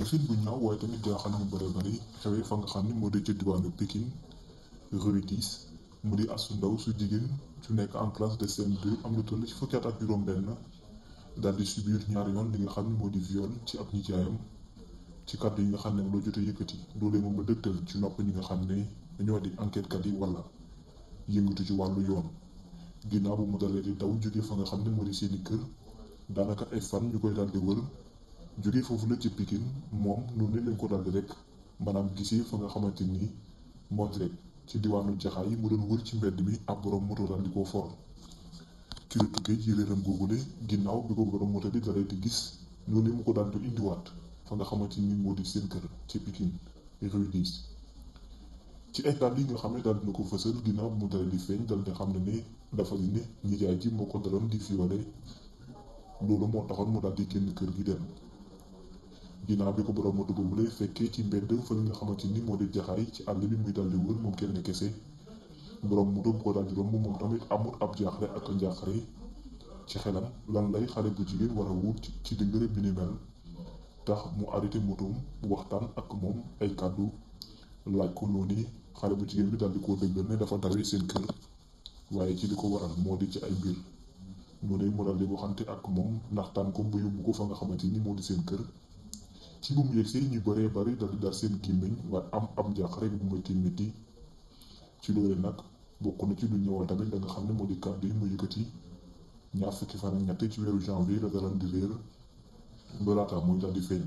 te film bu ñaaw waaye tamit jaaxal ñu bëree bëri xewee fa nga xam ne moo di ci diwaanu Pikine rue diis mu di asu ndaw su jigéen su nekk en classe de CM2 am lu toll ci fukki at ak juróom-benn daal di subir ñaari yoon li nga xam ne moo di viol ci ab nijaayam ci kàddu yi nga xam ne loo jot a yëkkati loolee moom ci nopp ñi nga xam ne dañoo di enquête kat yi walla yëngatu ci wàllu yoon ginnaaw bu mu dalee di daw jóge fa nga xam ne moo di seeni kër daanaka ay ñu koy daal di jógee foofu la ci pikin moom noonu lañ ko daldi rek maanaam gisee fa nga xamante ni moo di rek diwaanu jaxaay yi mu doon ci mbedd mi ab borom moto di ko for ci la tukkee ci réeram googule ginnaaw bi ko di gis noonu mu ko daal di fa nga xamante ni moo di seen kër ci Pikine rue 10 ci ay kàddu yi nga xam ne daal dina ko fësal ginnaaw mu dalee di feeñ daal xam ne ne dafa di ne nijaay ji moo ko daloon di fi wale loolu moo taxoon mu daal di génn kër gi dem ginnaaw bi ko borom moto boobule fekkee ci mbedd fële nga xamante ni moo di jaxaay ci àll bi muy daldi wër moom kenn kese borom moto bu ko daldi romb moom tamit amul ab jaaxle ak njaaxare ci xelam lan lay xale bu jigéen war a wut ci dëngëre bi ni mel tax mu arrêté motoom waxtaan ak moom ay kàddu laaj ko noonu xale bu jigéen bi daldi koo dëggal ne dafa dawee ci li ko waral moo di ci ay mbir noonu mu daldi waxante ak moom ndaxtaan bu yóbbu fa nga xamante ni moo di seen kër ci bu mu yegsee ñu bëree bëri daal di daal seen gémmiñ waaye am am jàqare bu métti métti ci loolu nag bokk na ci lu ñëwal tamit da nga xam ne moo di kàddu yi mu yëkkati ñaar fukki fan ak ñett ci weeru janvier la dalan di réer ba laata muy daal di feeñ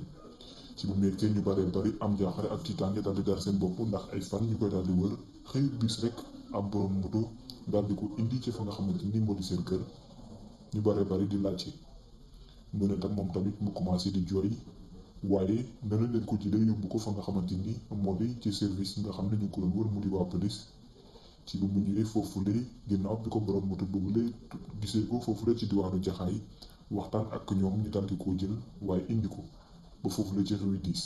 ci bu mu yegsee ñu bëree bëri am jàqare ak tiitaange daal di daal seen bopp ndax ay fan ñu koy daal di wër xëy bis rek am borom moto dal di ko indi ci fa nga xamante ni moo di seen kër ñu bëree bari di laajte mu ne tam moom tamit mu commencé di jooy. waaye danañ leen ko jëlee yóbbu ko fa nga xamante ni moo di ci service nga xam ne ñu ko doon wër mu di waa police ci bu mu ñëwee foofu di ginnaaw bi ko borom moto boobu la gisee foofu la ci diwaanu jaxaay waxtaan ak ñoom ñu daal di koo jël waaye indi ko ba foofu la ci xewi diis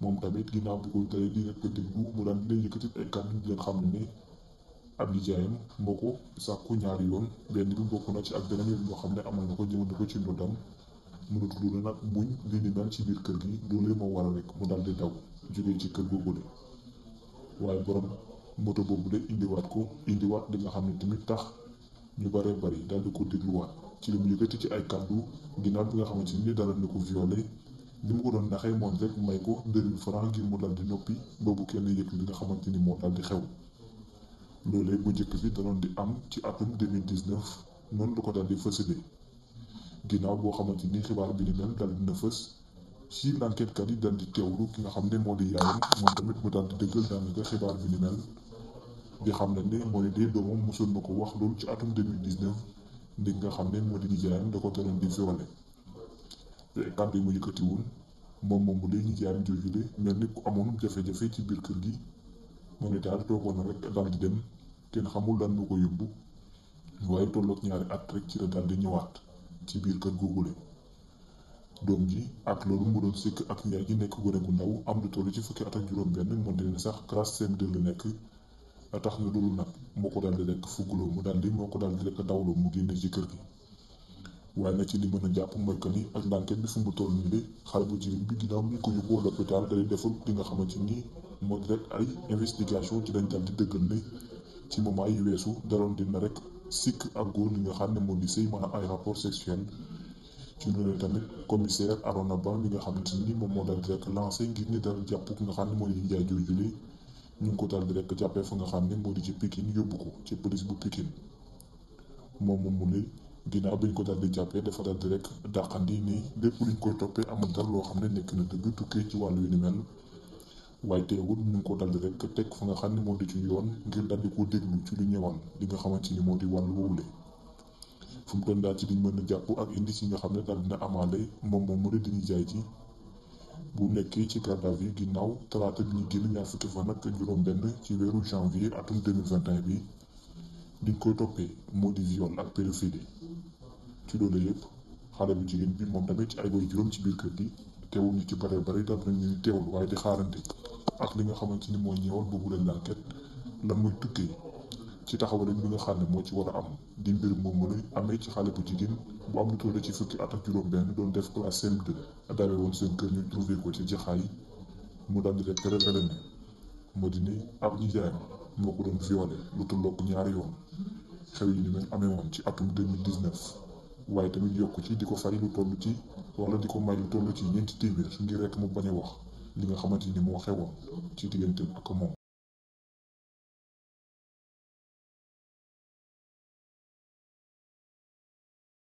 moom tamit ginnaaw bi ko dalee di rek déglu mu daan dina di leen xam ne ne ab nijaayam moo ko sàkku ñaari yoon benn bi bokk na ci ak beneen yoon boo xam ne amal na ko jëmale ko ci ndodam mu lu nag muñ li ni dal ci biir kër gi loolee moo waral rek mu dal di daw jógee ci kër googu de waaye borom moto boobu de indiwaat ko indiwaat li nga xam ne tamit tax ñu bëree bëri daal di ko dégluwaat ci li mu yëkkati ci ay kàddu ginnaaw bi nga xamante ni dalal na ko violé li mu ko doon naxee moom rek may ko deux mille francs ngir mu dal di noppi boobu kenn yëg li nga xamante ni moo dal di xew loolee bu njëkk bi danoon di am ci atum 2019 noonu la ko dal di fësalee. ginnaaw boo xamante ni xibaar bi ni mel daal dina fës si enquêtekat yi daal di teewlu ki nga xam ne moo di yaayam moom tamit mu daal di xam ne ni mooy dee doomam mosoon na ko wax loolu ci atum 2019 nga xam ne moo di nijaayam da ko teroon di violé te yi mu yëkkati woon moom mu lay nijaayam jooju de mel ni ku amoon jafe-jafe ci biir kër gi mu ne daal toogoon na rek daal di dem kenn xamul lan moo ko yóbbu waaye tolloog ñaari at rek ci la daal di ñëwaat. ci biir kër googule doom ji ak loolu mu doon sëkk ak njaay ji nekk gone gu ndaw am lu toll ci fukki at ak juróom-benn monte ne sax classe seen dëll nekk a tax na loolu nag moo ko daal di lekk fugguloo mu daal di moo ko daal di lekk loo mu génne ci kër gi. waaye nag ci li mën a jàpp mooy que ni ak ndànket bi fu mu nii de xale bu jigéen bi ginnaaw bi ñu ko yóbbu l'hôpital dañuy deful li nga xamante ni moo di rek ay investigation ci dañ daal di dëggal ne. ci moment yi weesu daloon dina rek sikk ak góor ñi nga xam ne moo di sëy maanaam ay rapport sexuel ci loolu tamit commissaire Arona Ba mi nga xam ni moom moo dal di rek lancé ngir ni dal jàpp ki nga moo di Ndiaye Diourbel ñu ngi ko dal di rek fa nga xam ne moo di ci Pikine yóbbu ko ci police bu Pikine moom moom mu ne ginnaaw bi ñu ko dal di jàppee dafa dal di rek dàqandi ni lépp luñ koy toppee amul dara loo xam ne nekk na dëgg tukkee ci wàllu wi ni mel. waaye teewul ñu ngi ko dal rek teg fa nga xam ne moo di ci yoon ngir daldi ko déglu ci lu ñëwaan li nga xamante ni moo di wàllu woowule fu mu toll daal ci liñ mën a jàpp ak indi ci nga xam ne daal dina amaale moom moom mu di dañuy jaay ji bu nekkee ci garde à vue ginnaaw talaata bi ñu génn ñaar fukki fan nag juróom-benn ci weeru janvier atum 2021 bi liñ koy toppee moo di viol ak pédophilie ci loolu yëpp xale bu jigéen bi moom tamit ci ay woy juróom ci biir kër gi teewul ñu ci bare bare dal nañu teewul waaye di xaarante ak li nga xamante ni moo ñëwal boobu lañ l'enquête lan muy tukkee ci taxawalin bi nga xam ne moo ci war a am di mbir moom mu lay amee ci xale bu jigéen bu am lu toll ci fukki at ak juróom-benn doon def classe CM2 daawee woon seen kër ñu trouvé ko ci jaxaay mu daal di rek révélé ne moo di ni ab nijaayam moo ko doon violé lu ñaari yoon xew yi ni mel amee woon ci atum 2019 waaye tamit yokk ci di ko fay lu toll ci wala di ko may lu toll ci ñeenti ci ngir rek mu bañ a wax. li nga xamante ni moo xewoon ci diggante ak moom